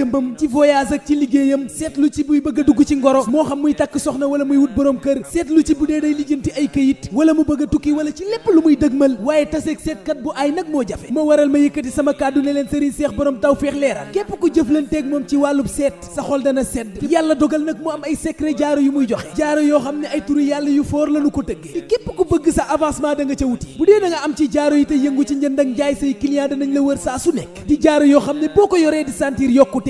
jëmbam ci voyage ak ci liggéeyam seetlu ci buy bëgg dugg ci ngoro moo xam muy takk soxna wala muy wut borom kër seetlu ci bu dee day lijjanti ay këyit wala mu bëgg tukki wala ci lépp lu muy dëgmal waaye taseeg seetkat bu ay nag moo jafe ma waral ma yëkkati sama kàddu ne leen sëriñ seex borom taw feex leeral képp ku jëflanteeg moom ci wàllub seet sa xol dana sedd yàlla dogal nag mu am ay secret jaaro yu muy joxe jaaro yoo xam ne ay turu yàlla yu foor lanu ko tëggee képp ku bëgg sa avancement da nga wuti bu dee am ci jaaro yi te yëngu ci njënd ak njaay say client danañ la wër saa su nekk jaaro yoo xam ne boo ko yoree di sentir yokkute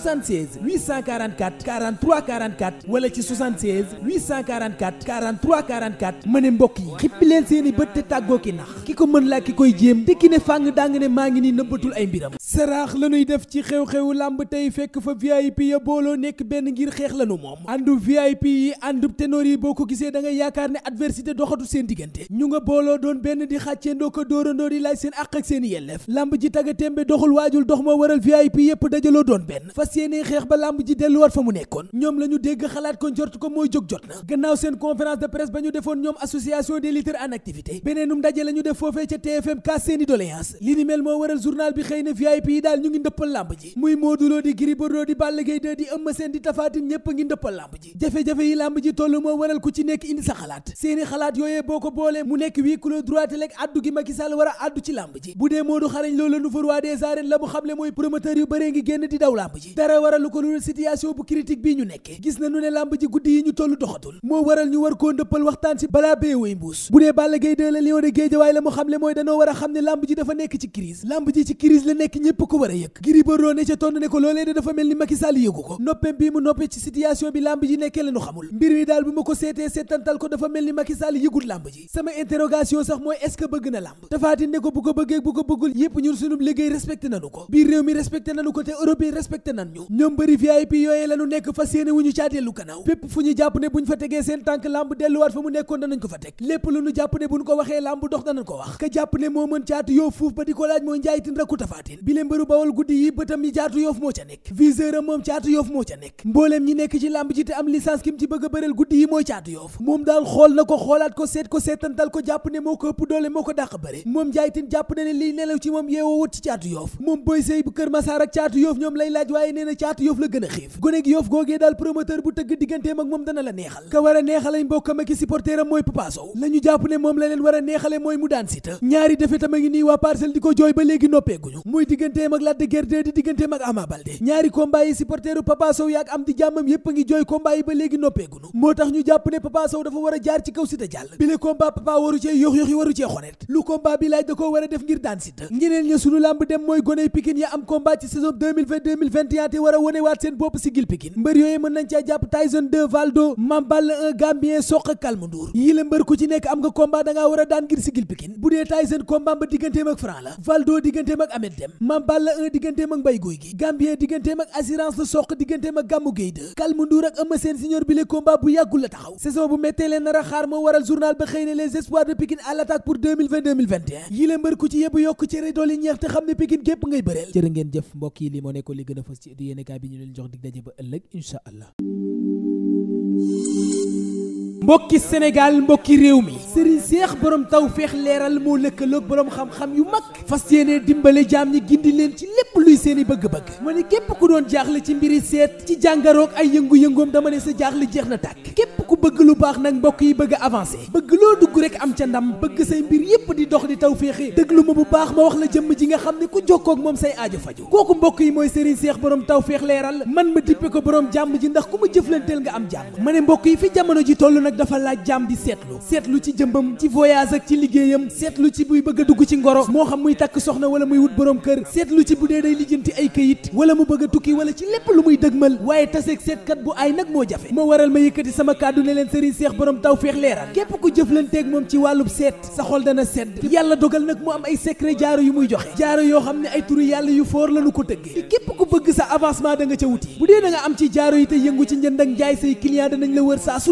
76 844 43 44 wala ci 76 844 43 44 ma ne mbokk yi xippi leen seen i bët te tàggoo ki nax ki ko mën laa ki koy jéem te ki ne fàng daa nga ne maa ngi nii nëbbatul ay mbiram saraax lañuy def ci xew xew làmb tey fekk fa vip ya booloo nekk benn ngir xeex lanu moom àndu vip yi àndub ténor boo ko gisee da nga yaakaar ne adversité doxatu seen diggante ñu nga booloo doon benn di xàcceendoo ko dóorandoo di laaj seen àq ak seen yelleef làmb ji taga tembe doxul waajul dox moo waral vip yépp dajaloo doon benn fas yéene xeex ba làmb ji delluwaat fa mu nekkoon ñoom la ñu dégg xalaat ko njort ko mooy jóg jot na gannaaw seen conférence de presse ba ñu defoon ñoom association des lutteurs en activité beneenum ndaje la ñu def foofee ca tfm kaas seeni doléance li bi xëy na vip VIP yi daal ñu ngi ndëppal làmb ji muy Modou di Gris di Balla Gaye di Eumeu Sène di Tapha ñépp a ngi ndëppal làmb ji jafe-jafe yi làmb ji toll moo waral ko ci làmb ji bu dee Modou xarañ la mu xamle la mu xamle mooy danoo war a xam ne làmb ji dafa nekk ci crise làmb ji ci crise la nekk ñëpp ko war a yëg Gris Bordeaux ne ca tontu ne ko loolee dafa mel ni Macky yëgu ko noppem bii mu noppee ci situation bi lamb ji nekkee la xamul mbir mi daal bi ma ko seetee seetantal ko dafa mel ni Macky Sall yëgul ji sama interrogation sax mooy est bëgg na lamb tafaatin ne ko bu ko bëggee bu ko bëggul yëpp ñun sunub liggéey respecté nanu ko biir réew mi respecté nanu ko te Europe yi nan ñu ñoom bëri VIP yooyee la ñu nekk fa tegee ne mbëru bawol guddi yi bëtam yi caatu yoof moo ca nekk viseur am moom caatu yoof moo ca nekk mbooleem ñi nekk ci làmb ji te am licence kim ci bëgg a bëreel guddi yi mooy caatu yoof moom daal xool na ko xoolaat ko seet ko seetantal ko jàpp ne moo ko ëpp doole moo ko dàq bëre moom jaaytin jàpp ne liy nelaw ci moom yeewoo wut ci caatu yoof moom boy sëy bu kër masaar caatu yoof ñoom lay laaj waaye nee na caatu yoof la gën a xiif goneg yoof googee daal promoteur bu tëgg digganteem ak moom dana la neexal de a ngi jooy combat yi ba léegi noppeegunu moo tax ñu jàpp ne Papa lu combat bi laaj da koo war def ngir daan Siteu ñeneen sunu làmb dem mooy goney Pikine ya am combat ci saison te war wone waat seen bopp si gil mbër yooyu mën nañ caa jàpp Tyson 2 Valdo Mambal 1 Gambien Soq ak Kalmandour yii la mbër ku ci nekk am nga combat dangaa war daan ngir sigil Pikine bu dee Tyson combat ba digganteem ak Franc la Valdo digganteem ak Ahmed Dem am digganteem ak Mbaye Gouye Gui Gambien digganteem ak assurance la soq digganteem ak Gamou Gueye Kalmu Ndour ak Eumeu Sène senior bi combat bu yàggul la taxaw saison bu méttee leen nar a moo waral journal ba xëy ne les espoirs de Pikine à l'attaque pour 2020 mbër ku ci yebbu yokk ci rédool ñeex te xam ne Pikine gépp ngay bëreel jërë ngeen jëf mbokk yi li li gën fës ci du yéenekaay bi ñu leen jox dig daje ba ëllëg incha allah mbokki Sénégal mbokki réew mi Serigne Seex borom tawféex leeral moo lëkkaloog borom xam-xam yu mag fas yéene dimbale jaam ñi gindi leen ci lépp luy seeni bëgg-bëgg ma ne képp ku doon jaaxle ci mbir mbiri seet ci jàngaroog ay yëngu-yëngoom dama ne sa jaaxle jeex na tàkk képp ku bëgg lu baax nag mbokk yi bëgg a bëgg loo dugg rek am ca ndam bëgg say mbir yépp di dox di tawféexe déglu ma bu baax ma wax la jëmm ji nga xam ne ku jokkoo ak moom say aajo faju kooku mbokk yi mooy Serigne Seex borom tawféex leeral man ma dippe ko borom jàmm ji ndax ku ma jëflanteel nga am jàmm mbokk yi fi jamono ji tollu nag dafa laaj jaam di seetlu seetlu ci jëmbam ci voyage ak ci liggéeyam seetlu ci buy bëgg dugg ci ngoro moo xam muy takk soxna wala muy wut borom kër seetlu ci bu dee day lijjanti ay këyit wala mu bëgg tukki wala ci lépp lu muy dëgmal waaye taseeg seetkat bu ay nag moo jafe ma waral ma yëkkati sama kàddu ne leen sëriñ seex borom taw feex leeral képp ku jëflanteeg moom ci wàllub seet sa xol dana sedd yàlla dogal nag mu am ay secret jaaro yu muy joxe jaaro yoo xam ne ay turu yàlla yu foor lanu ko tëggee képp ku bëgg sa avancement da nga wuti bu dee am ci jaaro yi te yëngu ci njënd ak njaay say client danañ la wër saa su